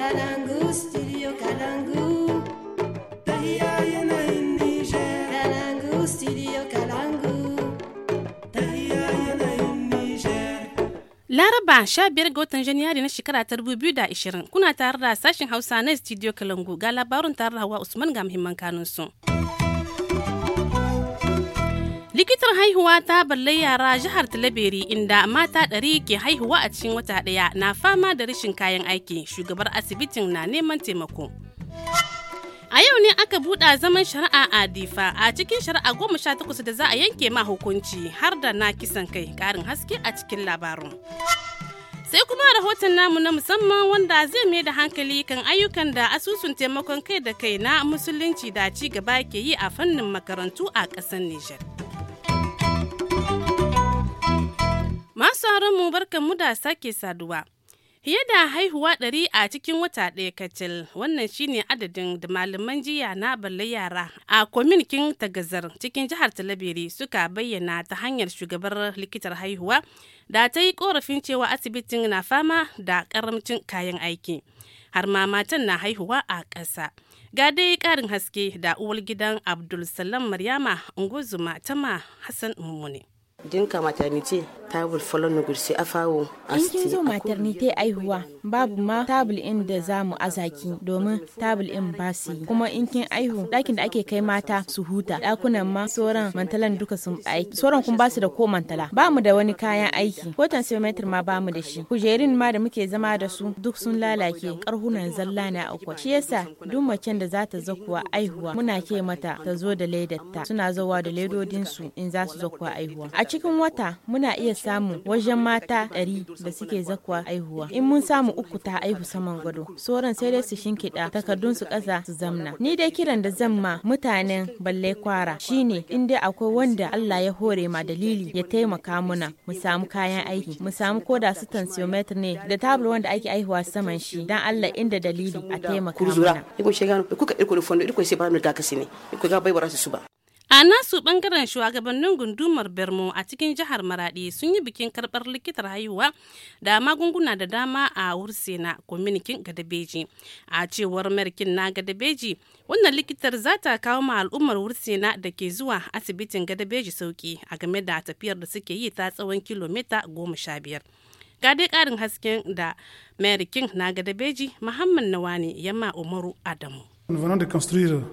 Kalangu, studio Kalangu. Tahiya yanayin Niger. Kalangu, Laraba 15 ga watan Janairu na shekara ta 2020 kuna tare da sashen Hausa na Studio Kalangu ga labarin tare da Hawa Usman ga muhimman kanunsu. su. likitar haihuwa ta balle yara jihar talabiri inda mata ɗari ke haihuwa a cikin wata ɗaya na fama da rashin kayan aiki shugabar asibitin na neman taimako a yau ne aka buɗa zaman shari'a a difa a cikin shari'a goma sha takwas da za a yanke ma hukunci har da na kisan kai ƙarin haske a cikin labarin sai kuma rahoton namu na musamman wanda zai mai da hankali kan ayyukan da asusun taimakon kai da kai na musulunci da ci gaba ke yi a fannin makarantu a ƙasar nijar sauraron mu barkan mu da sake saduwa. Fiye da haihuwa ɗari a cikin wata ɗaya kacal wannan shine adadin da malaman jiya na balle yara a kominikin tagazar cikin jihar talabiri suka bayyana ta hanyar shugabar likitar haihuwa da ta yi korafin cewa asibitin na fama da karamcin kayan aiki har ma matan na haihuwa a ƙasa. Ga dai ƙarin haske da uwar gidan abdulsalam Maryama Unguzuma Tama Hassan Mumune. dinka maternity tabul fɔlɔ na gursi a fawo in kin zo maternity aihuwa babu ma tabul in da za mu azaki domin tabul in ba su yi kuma in kin aihu ɗakin da ake kai mata su huta ɗakunan ma sauran mantalan duka sun aiki sauran kun ba su da ko mantala ba mu da wani kayan aiki ko tansiyometir ma ba mu da shi kujerin ma da muke zama da su duk sun lalace karhunan zalla na akwa shi yasa duk macen da za ta zakuwa aihuwa muna ke mata ta zo da ledarta suna zowa da ledodinsu in za su zakuwa aihuwa a cikin wata muna iya samun wajen mata 100 da suke zakwa aihuwa. In mun samu uku ta aihu saman gado, sauran sai dai su shinkiɗa takardun su ƙasa su zamna. Ni dai kiran da zan ma mutanen balle kwara shine in dai akwai wanda Allah ya hore ma dalili ya taimaka muna mu samu kayan aiki, mu samu koda su tansiometer ne da tablo wanda ake aihuwa saman shi dan Allah inda dalili a taimaka mana. A nasu bangaren shugabannin gundumar Bermo a cikin jihar Maradi sun yi bikin karbar likitar haihuwa da magunguna da dama a Wursena kwaminikin Gadabeji. A cewar Merkin na Gadabeji, wannan likitar za ta kawo ma al'ummar Wursena da ke zuwa asibitin Gadabeji sauki a game da tafiyar da suke yi ta tsawon kilomita goma sha biyar. Ga dai ƙarin hasken da Merkin na Gadabeji Muhammad Nawani Yamma Umaru Adamu.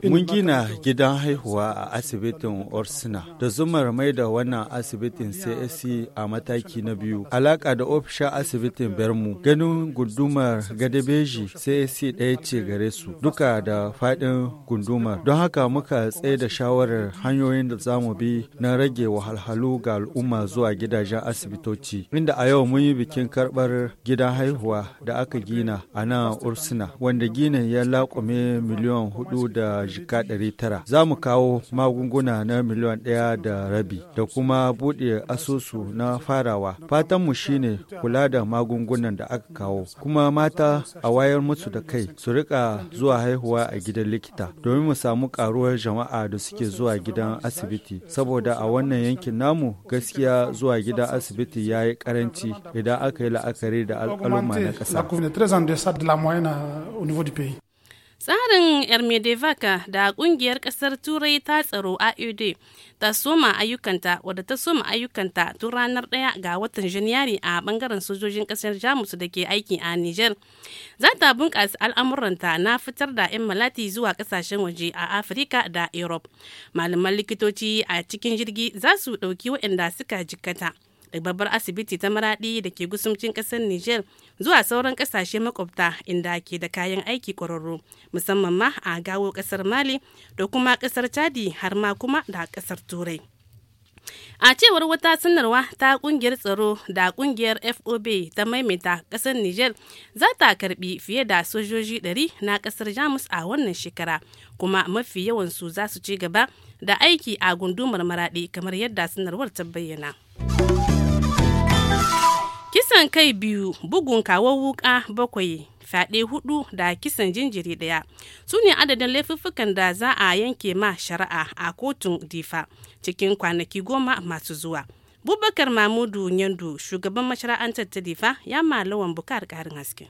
Mun gina gidan haihuwa a asibitin Orsina da zumar mai da wannan asibitin CSC a mataki na biyu. Alaka da ofishin asibitin Bermu ganin gundumar Gadebeji CSC ɗaya ce gare su duka da faɗin gundumar. Don haka muka tsaye da shawarar hanyoyin da za mu bi na rage wahalhalu ga al'umma zuwa gidajen asibitoci. Inda a yau mun yi bikin karɓar gidan haihuwa da aka gina a nan Ursina wanda ginin ya laƙume miliyan miliyan hudu da jika ɗari tara. Za mu kawo magunguna na miliyan ɗaya da rabi da kuma buɗe asusu na farawa. fatan Fatanmu shine kula da magungunan da aka kawo. Kuma mata a wayar musu da kai su rika zuwa haihuwa a gidan likita domin mu samu karuwar jama'a da suke zuwa gidan asibiti saboda a wannan yankin namu gaskiya zuwa gidan asibiti ya yi karanci idan aka yi la'akari da alƙaluma na ƙasa. tsarin ermedevaca da ƙungiyar ƙasar turai ta tsaro aud ta soma ayyukanta wadda ta soma ayyukanta tun ranar daya ga watan janairu a bangaren sojojin ƙasar jamus da ke aiki a niger za ta bunƙasa al'amuranta na fitar da 'yan malati zuwa ƙasashen waje a afirka da europe malaman likitoci a cikin jirgi za su ɗauki waɗanda suka jikkata da babbar asibiti ta maradi da ke gusumcin kasar niger zuwa sauran kasashe makwabta inda ke da kayan aiki kwararru musamman ma a gawo kasar mali da kuma kasar chadi har ma kuma da kasar turai a cewar wata sanarwa ta kungiyar tsaro da kungiyar fob ta maimaita kasar niger za ta karbi fiye da sojoji 100 na kasar jamus a wannan shekara kuma mafi yawansu za su ci gaba da aiki a gundumar maradi kamar yadda sanarwar ta bayyana. kisan kai biyu bugun kawo wuka bakwai fyaɗe hudu da kisan jinjiri ɗaya su ne adadin laifuffukan da za a yanke ma shari'a a kotun difa cikin kwanaki goma masu zuwa bubakar mamudu nyandu shugaban mashara'antar ta difa ya malawan bukar karin haske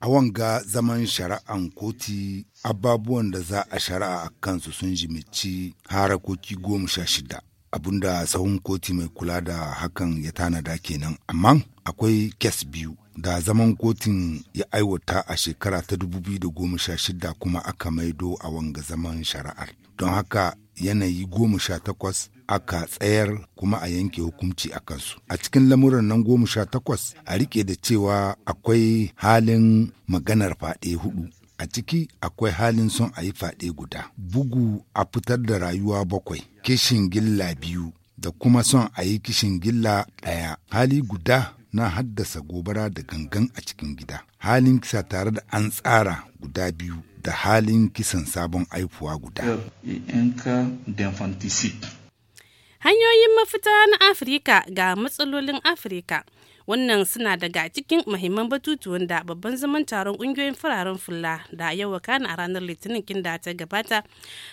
A wanga zaman shari'an koti ababuwan da za a shari'a a kansu sun jimici harakoki goma sha shida abinda sahun koti mai kula da hakan ya tanada kenan amma akwai kes biyu da zaman kotun ya aiwata a shekara ta 2016 kuma aka maido a wanga zaman shari'ar don haka yanayi goma sha takwas aka tsayar kuma a yanke hukunci a kansu a cikin lamuran nan goma sha a rike da cewa akwai halin maganar faɗe hudu a ciki akwai halin son a yi faɗe guda bugu a fitar da rayuwa bakwai kishin gilla biyu da kuma son a yi kishin gilla ɗaya hali guda na haddasa gobara da gangan a cikin gida halin kisa tare da an tsara guda biyu da halin kisan sabon aifuwa guda hanyoyin mafita na afirika ga matsalolin afirika. wannan suna daga cikin mahimman batutuwan da babban zaman taron kungiyoyin fararen Fula da yau wakana a ranar litinin kin da ta gabata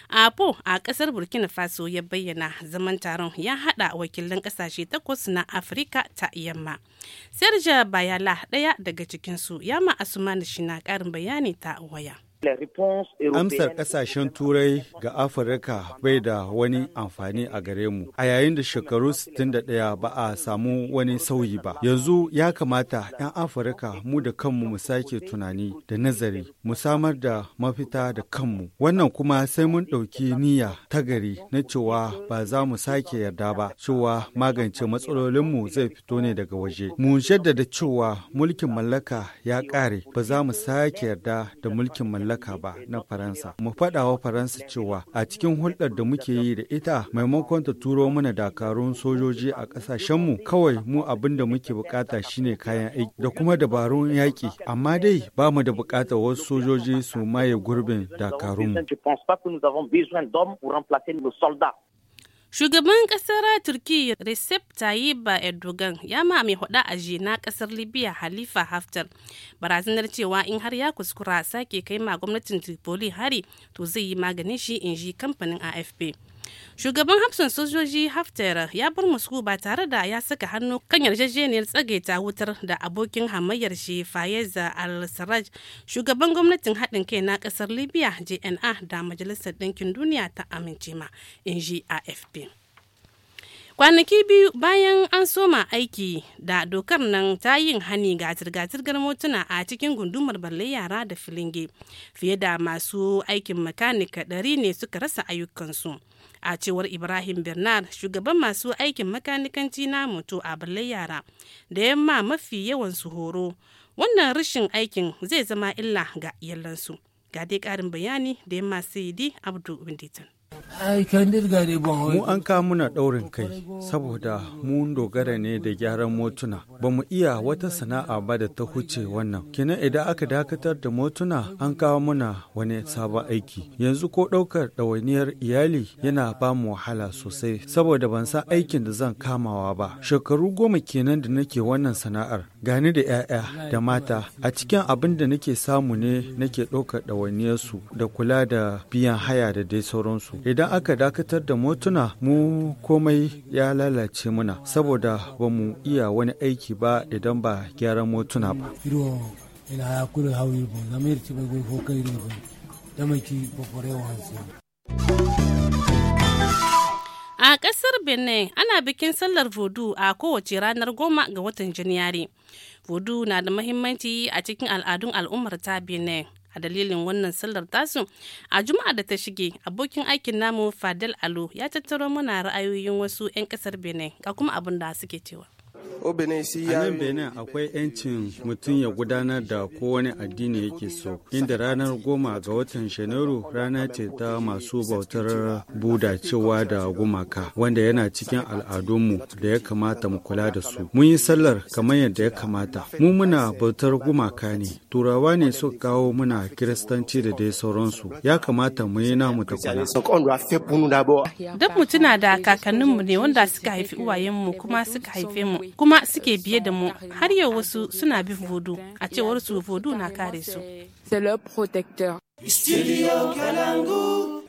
a po a kasar burkina faso ya bayyana zaman taron ya hada wakilan kasashe takwas na afirka ta yamma serge bayala daya daga cikinsu ya ma asuma shina karin bayani ta waya Amsar ƙasashen Turai ga Afirka bai da wani amfani a gare mu. A yayin da shekaru 61 ba a samu wani sauyi ba. Yanzu ya kamata 'yan Afirka mu da kanmu mu sake tunani da nazari, mu samar da mafita da kanmu. Wannan kuma sai mun ɗauki niyya ta gari na cewa ba za mu sake yarda ba, cewa magance matsalolinmu zai fito ne daga waje. Mu jaddada cewa mulkin mallaka ya ƙare, ba za mu sake yarda da mulkin mallaka. mallaka ba na Faransa. Mu faɗawa Faransa cewa a cikin hulɗar da muke yi da ita maimakon ta turo mana dakarun sojoji a ƙasashenmu kawai mu abin da muke bukata shine kayan aiki da kuma dabarun yaƙi amma dai ba mu da bukatar wasu sojoji su maye gurbin dakarunmu. Shugaban kasar Turkiyya Recep Tayyip Erdogan ya mame hudu a na kasar Libya Halifa Haftar. Barazanar cewa in har ya kuskura sake kai ma gwamnatin Tripoli hari to zai yi maganin shi in ji kamfanin AFP. shugaban hafsan sojoji haftara ya bar moscow ba tare da ya saka hannu kan yarjejeniyar tsagaita wutar da abokin hamayyar shi fayeza al-sarraj shugaban gwamnatin haɗin kai na ƙasar libya jna da majalisar ɗinkin duniya ta amince ma in ji afp kwanaki biyu bayan an soma aiki da dokar nan ta yin hani ga zirga-zirgar motuna a cikin gundumar balle yara da filinge fiye da masu aikin makanika 100 ne suka rasa ayyukansu a cewar ibrahim bernard shugaban masu aikin makanikanci na moto a balai yara da yamma mafi yawan su horo wannan rashin aikin zai zama illa ga iyalansu ga dai karin bayani da yamma sayidi abdu winditan Mu an muna ɗaurin kai saboda mun dogara ne da gyaran motuna. Ba mu iya wata sana'a ba da ta huce wannan. Kina idan aka dakatar da motuna an kawo muna wani sabon aiki. Yanzu ko ɗaukar ɗawainiyar iyali yana ba mu wahala sosai saboda ban san aikin da zan kamawa ba. Shekaru goma kenan da nake wannan sana'ar. Gani da 'ya'ya da mata a cikin abin da nake samu ne nake ɗaukar su da kula da biyan haya da dai sauransu. idan aka dakatar da motuna mu komai ya lalace muna saboda ba mu iya wani aiki ba idan ba gyaran motuna ba A kasar Benin ana bikin sallar Vodu a kowace ranar goma ga watan Janairu. Vodu na da mahimmanci a cikin al'adun al'ummar ta Benin. a dalilin wannan sallar tasu a juma'a da ta shige abokin aikin namu fadel alo ya tattaro mana ra'ayoyin wasu 'yan kasar benin ga kuma abin da suke cewa A nan Benin akwai 'yancin mutum ya gudanar da kowane addini yake so, inda ranar goma ga watan Janairu rana ce ta masu bautar Buda cewa da gumaka, wanda yana cikin al'adunmu da ya kamata mu kula da su. Mun yi sallar kamar yadda ya kamata. Mu muna bautar gumaka ne, turawa ne suka kawo muna kiristanci da dai sauransu. Ya kamata mu yi namu ta kwana. Duk mutuna da kakanninmu ne wanda suka haifi uwayenmu kuma suka haife mu. kuma suke biye da mu har yau wasu suna bin vodu a cewar su vodu na kare su. Studio Kalangu.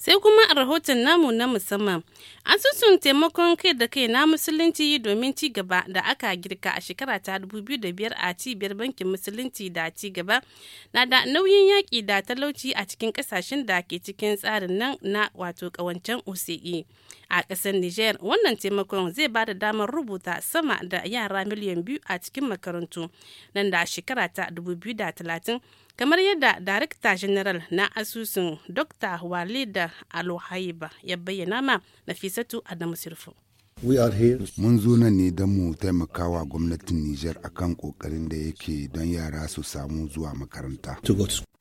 sai kuma a rahoton namu na musamman asusun taimakon kai da kai na musulunci domin ci gaba da aka girka a shekara ta 2005 a cibiyar bankin musulunci da ci gaba na da nauyin yaƙi da talauci a cikin kasashen da ke cikin tsarin nan na wato ƙawancen OCE a ƙasar Niger wannan taimakon zai ba da damar rubuta sama da yara miliyan biyu a cikin makarantu nan da shekara ta 2030 kamar yadda darakta general na asusun dr walida alhaiba ya bayyana ma nafisatu adamu sirfu Mun zo nan ne don mu taimakawa gwamnatin Nijar akan kokarin da yake don yara su samu zuwa makaranta.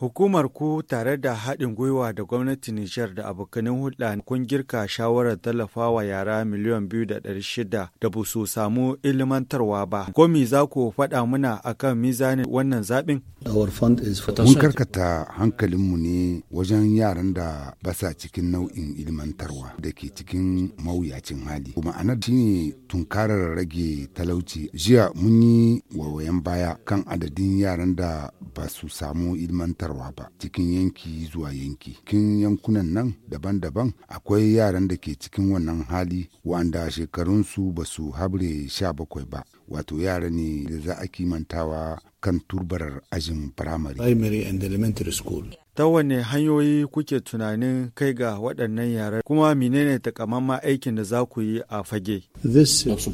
Hukumar ku tare da haɗin gwiwa da Gwamnati Nijar da abokanin hulɗa kun girka shawarar tallafawa yara miliyan biyu da ɗari shida da ba su samu ilimantarwa ba. Gomi za ku faɗa muna akan mizanin wannan zaɓin? Mun karkata hankalinmu ne wajen yaran da ba sa cikin nau'in ilimantarwa da ke cikin mawuyacin hali. Ma'anar shi ne tunkarar rage talauci. Jiya mun yi wawayen baya kan adadin yaran da ba su samu ilimantarwa karantarwa ba cikin yanki zuwa yanki cikin yankunan nan daban-daban akwai yaran da ke cikin wannan hali wanda shekarunsu ba su habre sha bakwai ba wato yara ne da za a kimantawa kan turbarar ajin firamare. Primary and elementary school. ta wane hanyoyi kuke tunanin kai ga waɗannan yaren kuma menene takamamman aikin da za ku yi a fage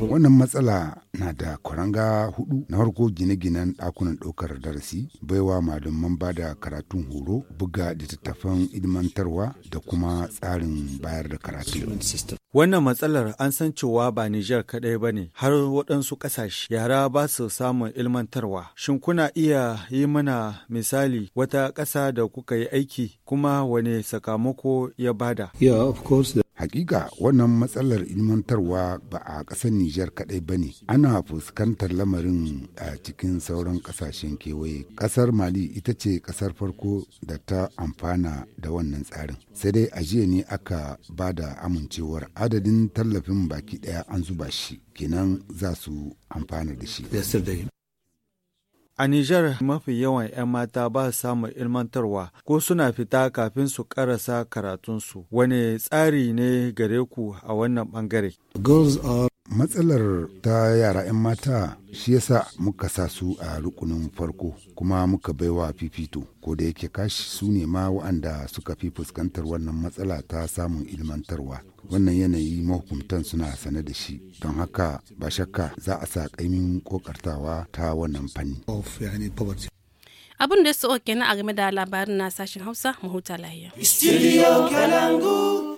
wannan matsala na da kwaranga hudu na farko gine-ginen ɗakunan ɗaukar darasi baiwa malaman ba da karatun horo buga littattafan ilmantarwa da kuma tsarin bayar da karatu wannan matsalar an san cewa ba Nijar kaɗai ba ne har waɗansu ƙasashe yara ba su samun ilmantarwa shin kuna iya yi mana misali wata ƙasa da kuka kuka yi aiki kuma wane sakamako ya bada? Yeah, of course. Hakika wannan matsalar ilmantarwa ba a ƙasar Nijar kaɗai ba ne, ana fuskantar lamarin a cikin sauran ƙasashen kewaye. Ƙasar Mali ita ce ƙasar farko da ta amfana da wannan tsarin. Sai dai a jiya ne aka ba da amincewar adadin tallafin baki ɗaya an zuba shi, kenan za su amfana da shi. A Nijar mafi yawan 'yan mata ba samun ilmantarwa ko suna fita kafin su karasa karatunsu. Wane tsari ne gare ku a wannan bangare? Girls are matsalar ta yara 'yan mata shi yasa muka sa su a rukunin farko kuma muka baiwa fifito ko da yake kashi su ne ma wa'anda suka fi fuskantar wannan matsala ta samun ilmantarwa wannan yanayi mahukuntan suna sane da shi don haka ba shakka za a sa kaimin kokartawa ta wannan fanni abin da ya so a game da labarin na sashen hausa mahuta lahiya.